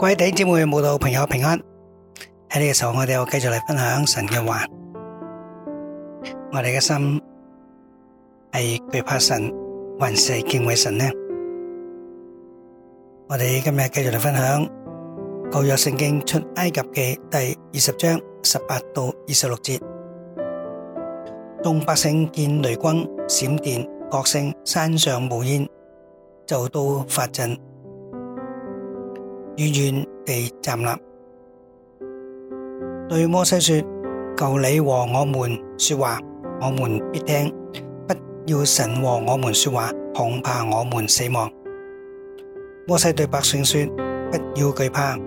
各位弟姊妹、慕道朋友平安。喺呢個時候，我哋又繼續嚟分享神嘅話。我哋嘅心係懼怕神還是敬畏神呢？我哋今日繼續嚟分享舊約聖經出埃及記第二十章十八到二十六節。眾百姓見雷轟、閃電、角聲、山上冒煙，就都發顫。遠遠地站立，對摩西說：求你和我們說話，我們必聽；不要神和我們說話，恐怕我們死亡。摩西對百姓說：不要懼怕，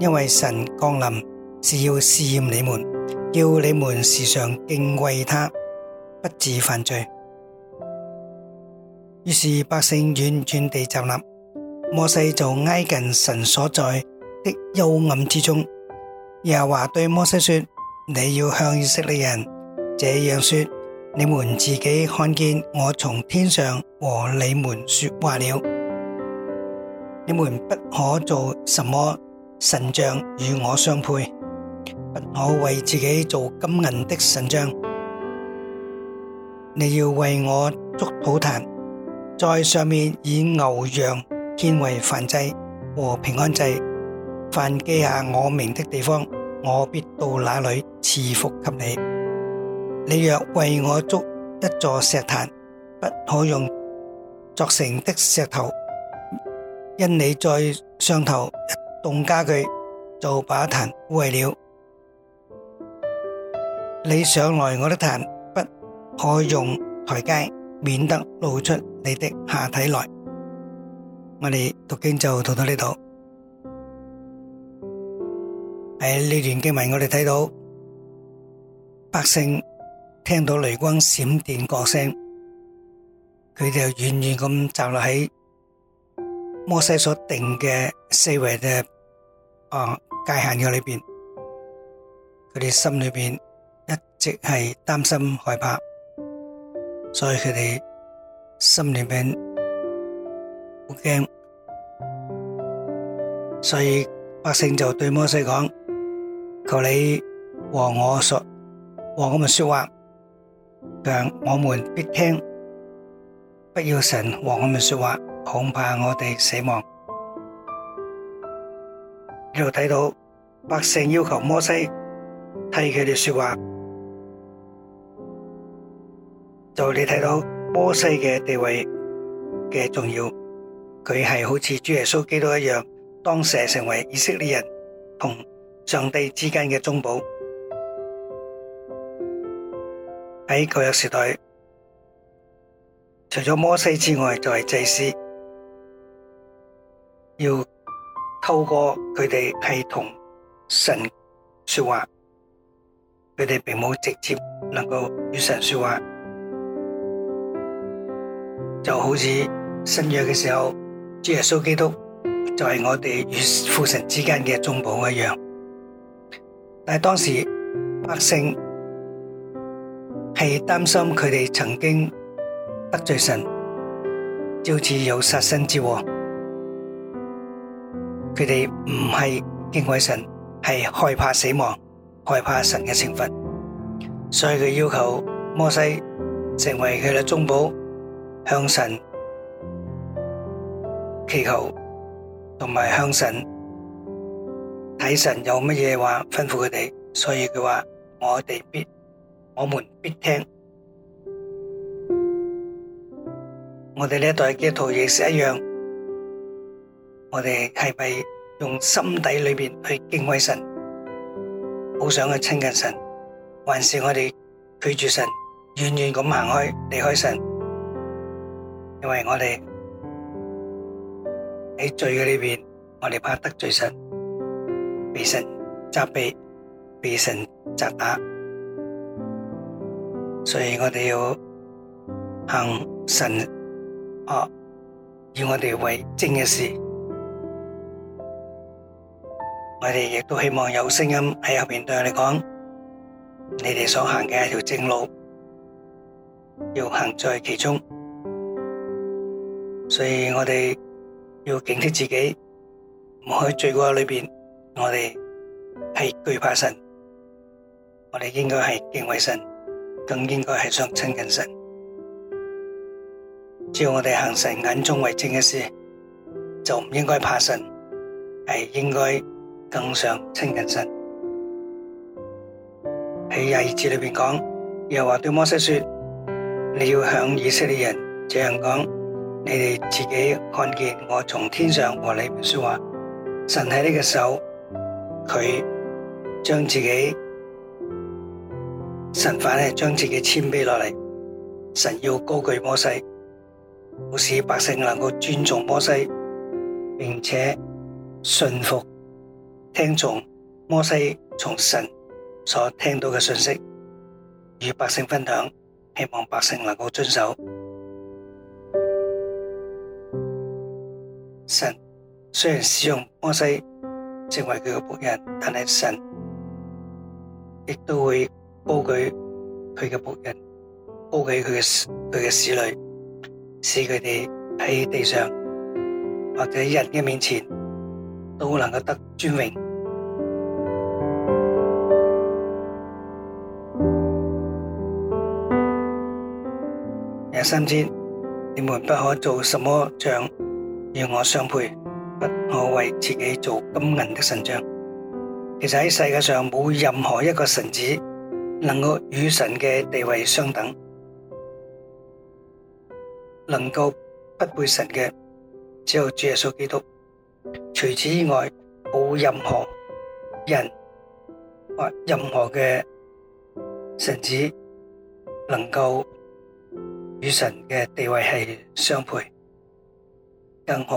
因為神降臨是要試驗你們，叫你們時常敬畏他，不致犯罪。于是百姓遠遠地站立。摩西就挨近神所在的幽暗之中，耶華對摩西說：你要向以色列人這樣說：你們自己看見我從天上和你們說話了，你們不可做什麼神像與我相配，不可為自己做金銀的神像。你要為我築土壇，在上面以牛羊。獻為燔祭和平安祭，凡記下我名的地方，我必到那裏賜福給你。你若為我築一座石壇，不可用鑿成的石頭，因你在上頭一動家具就把壇為了。你上來我的壇，不可用台階，免得露出你的下體來。我哋讀經就讀到呢度，喺呢段經文我哋睇到百姓聽到雷光閃電角聲，佢哋就遠遠咁站立喺摩西所定嘅四圍嘅啊界限嘅裏邊，佢哋心裏邊一直係擔心害怕，所以佢哋心裏邊好驚。所以百姓就對摩西講：求你和我說，和我們說話，讓我們必聽。不要神和我們說話，恐怕我哋死亡。呢度睇到百姓要求摩西替佢哋說話，就你睇到摩西嘅地位嘅重要，佢係好似主耶穌基督一樣。當蛇成為以色列人同上帝之間嘅中保。就係我哋與父神之間嘅中保一樣，但係當時百姓係擔心佢哋曾經得罪神，招致有殺身之禍。佢哋唔係敬畏神，係害怕死亡，害怕神嘅懲罰，所以佢要求摩西成為佢哋中保，向神祈求。同埋向神睇神有乜嘢話吩咐佢哋。所以佢話我哋必，我們必聽。我哋呢一代基督徒亦是一樣，我哋係咪用心底裏邊去敬畏神，好想去親近神，還是我哋拒絕神，遠遠咁行開離開神？因為我哋。喺罪嘅裏面，我哋怕得罪神，被神責備，被神責打，所以我哋要行神啊，要我哋為正嘅事。我哋亦都希望有聲音喺後面對我哋講：你哋所行嘅係條正路，要行在其中。所以我哋。要警惕自己，唔可以罪過裏面。我哋係懼怕神，我哋應該係敬畏神，更應該係想親近神。只要我哋行神眼中為正嘅事，就唔應該怕神，係應該更想親近神。喺廿二節裏邊講，又話對摩西說：你要向以色列人這樣講。你哋自己看見我從天上，和你哋說話。神喺呢個時候，佢將自己神法咧，將自己簽俾落嚟，神要高舉摩西，好使百姓能夠尊重摩西，並且信服聽從摩西從神所聽到嘅信息，與百姓分享，希望百姓能夠遵守。神雖然使用摩西成為佢嘅僕人，但係神亦都會高舉佢嘅僕人，高舉佢嘅佢嘅使女，使佢哋喺地上或者人嘅面前都能夠得尊榮。廿三節，你們不可做什麼像，與我相配，不可為自己做金銀的神像。其實，在世界上，沒有任何一個神子，能夠與神的地位相等，能夠不配神的，只有主耶穌基督。除此以外，沒有任何人，或任何的神子，能夠與神的地位係相配，更何況，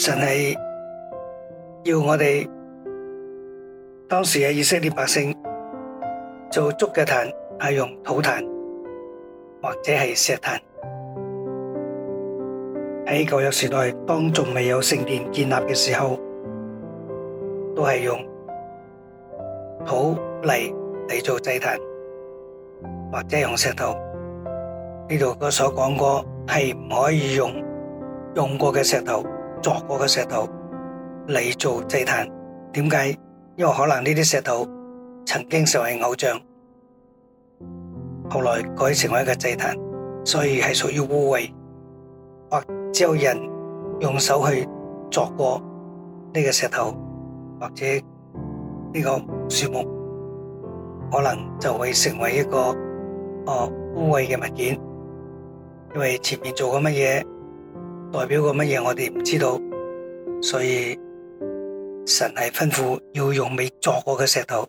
神係要我哋當時嘅以色列百姓做築嘅壇，係用土壇或者係石壇。喺舊約時代，當仲未有聖殿建立嘅時候，都係用土泥嚟做祭壇，或者用石頭。呢度我所講過，係唔可以用用過嘅石頭。鑿過嘅石頭嚟做祭壇，點解？因為可能呢啲石頭曾經成為偶像，後來改成為一個祭壇，所以係屬於污穢。或者有人用手去鑿過呢個石頭，或者呢個樹木，可能就會成為一個哦污穢嘅物件，因為前面做過乜嘢。代表個乜嘢？我哋唔知道，所以神係吩咐要用未鑿過嘅石頭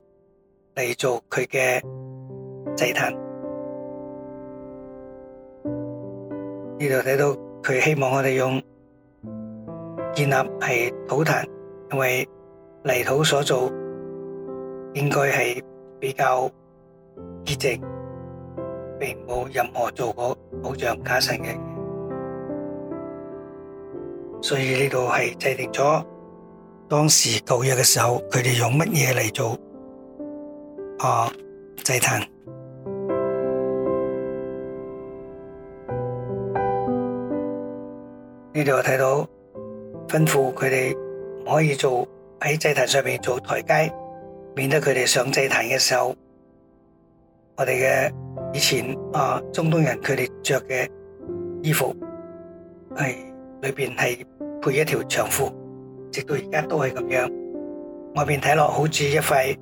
嚟做佢嘅祭壇。呢度睇到佢希望我哋用建立係土壇，因為泥土所做應該係比較潔淨，並冇任何做過保障假神嘅。所以呢度係制定咗當時舊約嘅時候，佢哋用乜嘢嚟做？啊，祭壇。呢度我睇到吩咐佢哋唔可以做喺祭壇上邊做台階，免得佢哋上祭壇嘅時候，我哋嘅以前啊中東人佢哋着嘅衣服係。裏邊係配一條長褲，直到而家都係咁樣。外邊睇落好似一塊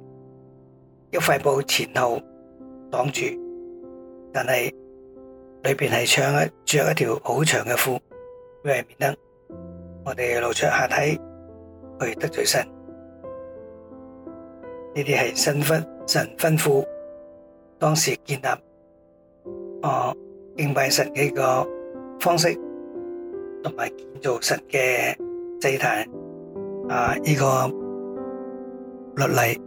一塊布前後擋住，但係裏邊係穿一着一條好長嘅褲，為免得我哋露出下體去得罪神。呢啲係神吩神吩咐，當時建立哦敬拜神嘅一個方式。同埋建造神嘅祭壇，啊，呢個律例，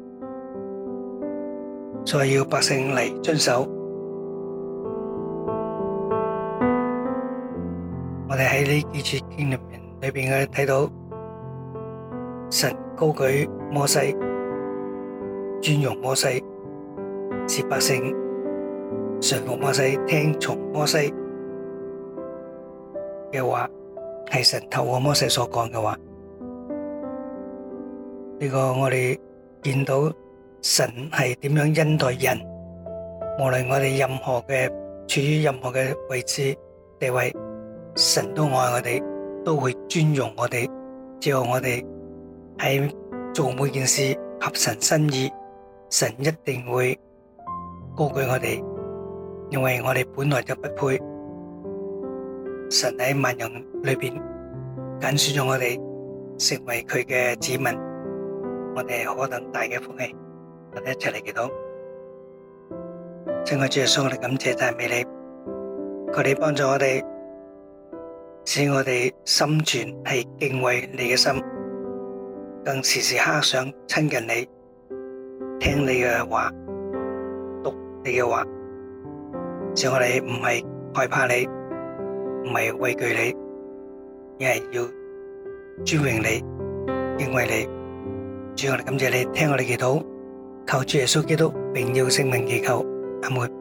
所以要百姓嚟遵守。我哋喺呢幾次經裏邊，裏邊可以睇到神高舉摩西，尊崇摩西，使百姓順服摩西，聽從摩西嘅話。係神透過摩西所講嘅話，呢、這個我哋見到神係點樣恩待人，無論我哋任何嘅處於任何嘅位置地位，神都愛我哋，都會尊重我哋，只要我哋喺做每件事合神心意，神一定會高舉我哋，因為我哋本來就不配。神喺萬人裏面揀選咗我哋成為佢嘅子民，我哋係可等大嘅福氣，我哋一齊嚟祈禱。聖愛主耶穌，我哋感謝讚美你，佢哋幫助我哋，使我哋心存係敬畏你嘅心，更時時刻刻想親近你，聽你嘅話，讀你嘅話，使我哋唔係害怕你。唔係畏懼你，而係要尊榮你，敬畏你。主，我哋感謝你聽我哋祈禱，求主耶穌基督榮耀聖名祈求阿門。